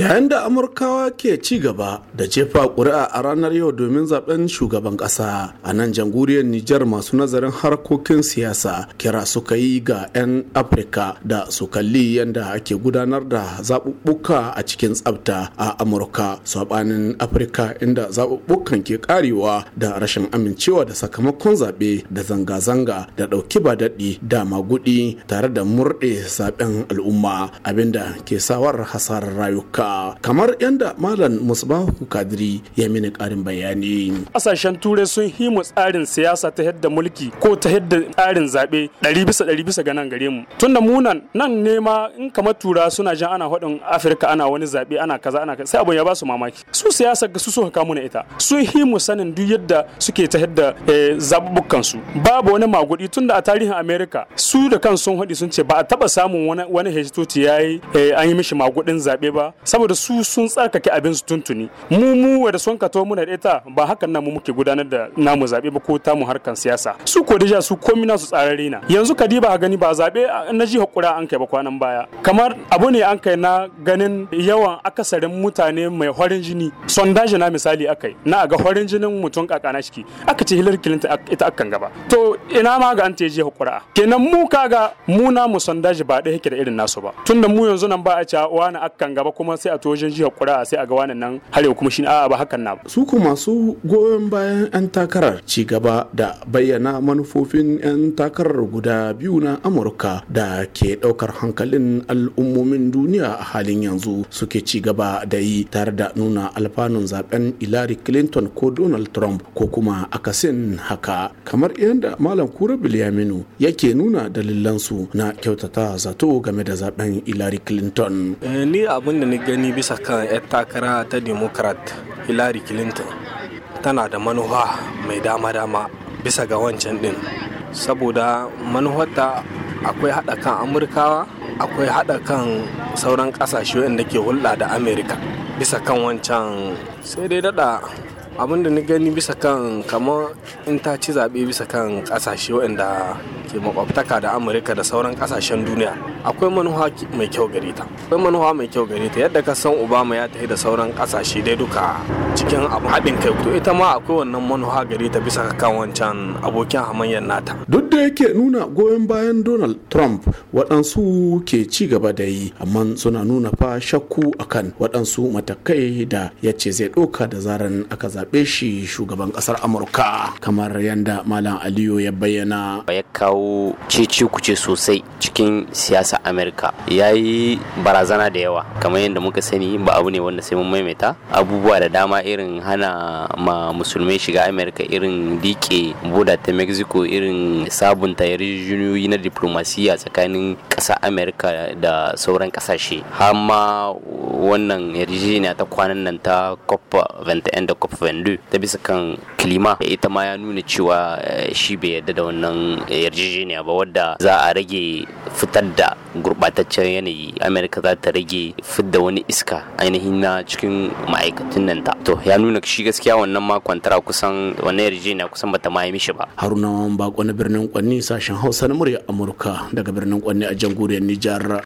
yayin da amurkawa ke ci gaba da jefa ƙuri'a a ranar yau domin zaben shugaban ƙasa a nan jamhuriyar nijar masu nazarin harkokin siyasa kira suka yi ga 'yan afirka da su kalli yadda ake gudanar da zaɓuɓɓuka a cikin tsabta a amurka saɓanin afirka inda zaɓuɓɓukan ke ƙarewa da rashin amincewa da sakamakon zaɓe da zanga-zanga da ɗauki ba daɗi da magudi tare da murɗe zaɓen al'umma abinda ke sawar hasarar rayuka kamar yadda malam musbahu kadiri ya mini karin bayani kasashen turai sun himu tsarin siyasa ta yadda mulki ko ta yadda tsarin zaɓe ɗari bisa ɗari bisa ga nan gare mu tunda munan nan ne ma in kamar tura suna jan ana hudun afirka ana wani zaɓe ana kaza ana kaza sai abun ya basu su mamaki su siyasa ga su suka kamu na ita sun himu sanin duk yadda suke ta yadda eh, zaɓuɓɓukan su babu wani magudi tunda a tarihin amerika su da kan sun haɗi sun ce ba a taɓa samun wani hesitoci ya yi eh, an yi mishi magudin zabe ba saboda su sun tsarkake abin su tuntuni mu mu da sun kato muna da ita ba hakan nan mu muke gudanar da namu zabe ba ko mu harkan siyasa su ko deja su komi su tsararre na yanzu ka diba gani ba zabe na ji hakura an kai ba kwanan baya kamar abu ne an kai na ganin yawan akasarin mutane mai horin jini sondage na misali akai na ga horin jinin mutum kakana shi aka ce Hillary Clinton ita akan gaba to ina ma ga an ta je hakura kenan mu kaga mu na mu sondage ba da yake da irin nasu ba tunda mu yanzu nan ba a cewa wani akan gaba kuma sai sai a to wajen jihar kura sai a ga wannan nan harewa kuma shi a'a ba hakan na su ko masu goyon bayan yan takarar ci gaba da bayyana manufofin yan takarar guda biyu na Amurka da ke ɗaukar hankalin al'ummomin duniya a halin yanzu suke ci gaba da yi tare da nuna alfanun zaben Hillary Clinton ko Donald Trump ko kuma akasin haka kamar yadda Malam Kura Bilyaminu yake nuna dalilansu na kyautata zato game da zaben Hillary Clinton. Eh, ni abin da na gani gani bisa kan 'yan takara ta democrat hillary clinton tana da manuwa mai dama-dama bisa ga wancan din saboda manuwarta akwai haɗa kan amurkawa akwai haɗa kan sauran ƙasashe wanda ke hulɗa da amerika bisa kan wancan sai dai daɗa abin da na gani bisa kan kamar in ta ci zaɓe bisa kan ƙasashe waɗanda ke makwabtaka da amurka da sauran ƙasashen duniya akwai manuwa mai kyau gare ta akwai manuwa mai kyau gare ta yadda ka san obama ya tafi da sauran ƙasashe dai duka cikin haɗin kai to ita ma akwai wannan manuwa gare ta bisa kan wancan abokin hamayyar nata duk da yake nuna goyon bayan donald trump waɗansu ke ci gaba da yi amma suna nuna fa shakku akan waɗansu matakai da ya ce zai ɗauka da zaran aka zaɓi karbe shi shugaban kasar amurka kamar yadda malam aliyu ya bayyana ya kawo cece kuce sosai cikin siyasa amurka ya yi barazana da yawa kamar yadda muka sani ba abu ne wanda sai mun maimaita abubuwa da dama irin hana ma musulmai shiga amurka irin dike boda ta mexico irin sabunta yarjejeniyoyi na diplomasiya tsakanin kasa amurka da sauran ƙasashe har ma wannan yarjejeniya ta kwanan nan ta cop 21 da cop 22 ta bisa kan kilima ita ma ya nuna cewa eh, shi bai yarda da wannan yarjejeniya ba wadda za a rage fitar da gurbataccen yanayi amerika za ta rage fidda wani iska ainihin na cikin ma'aikatan nan ta to ya nuna shi gaskiya wannan ma kwantara kusan wannan yarjejeniya kusan bata ma yi mishi ba haruna bako na birnin kwanni sashen hausa na murya amurka daga birnin kwanni a jamhuriyar nijar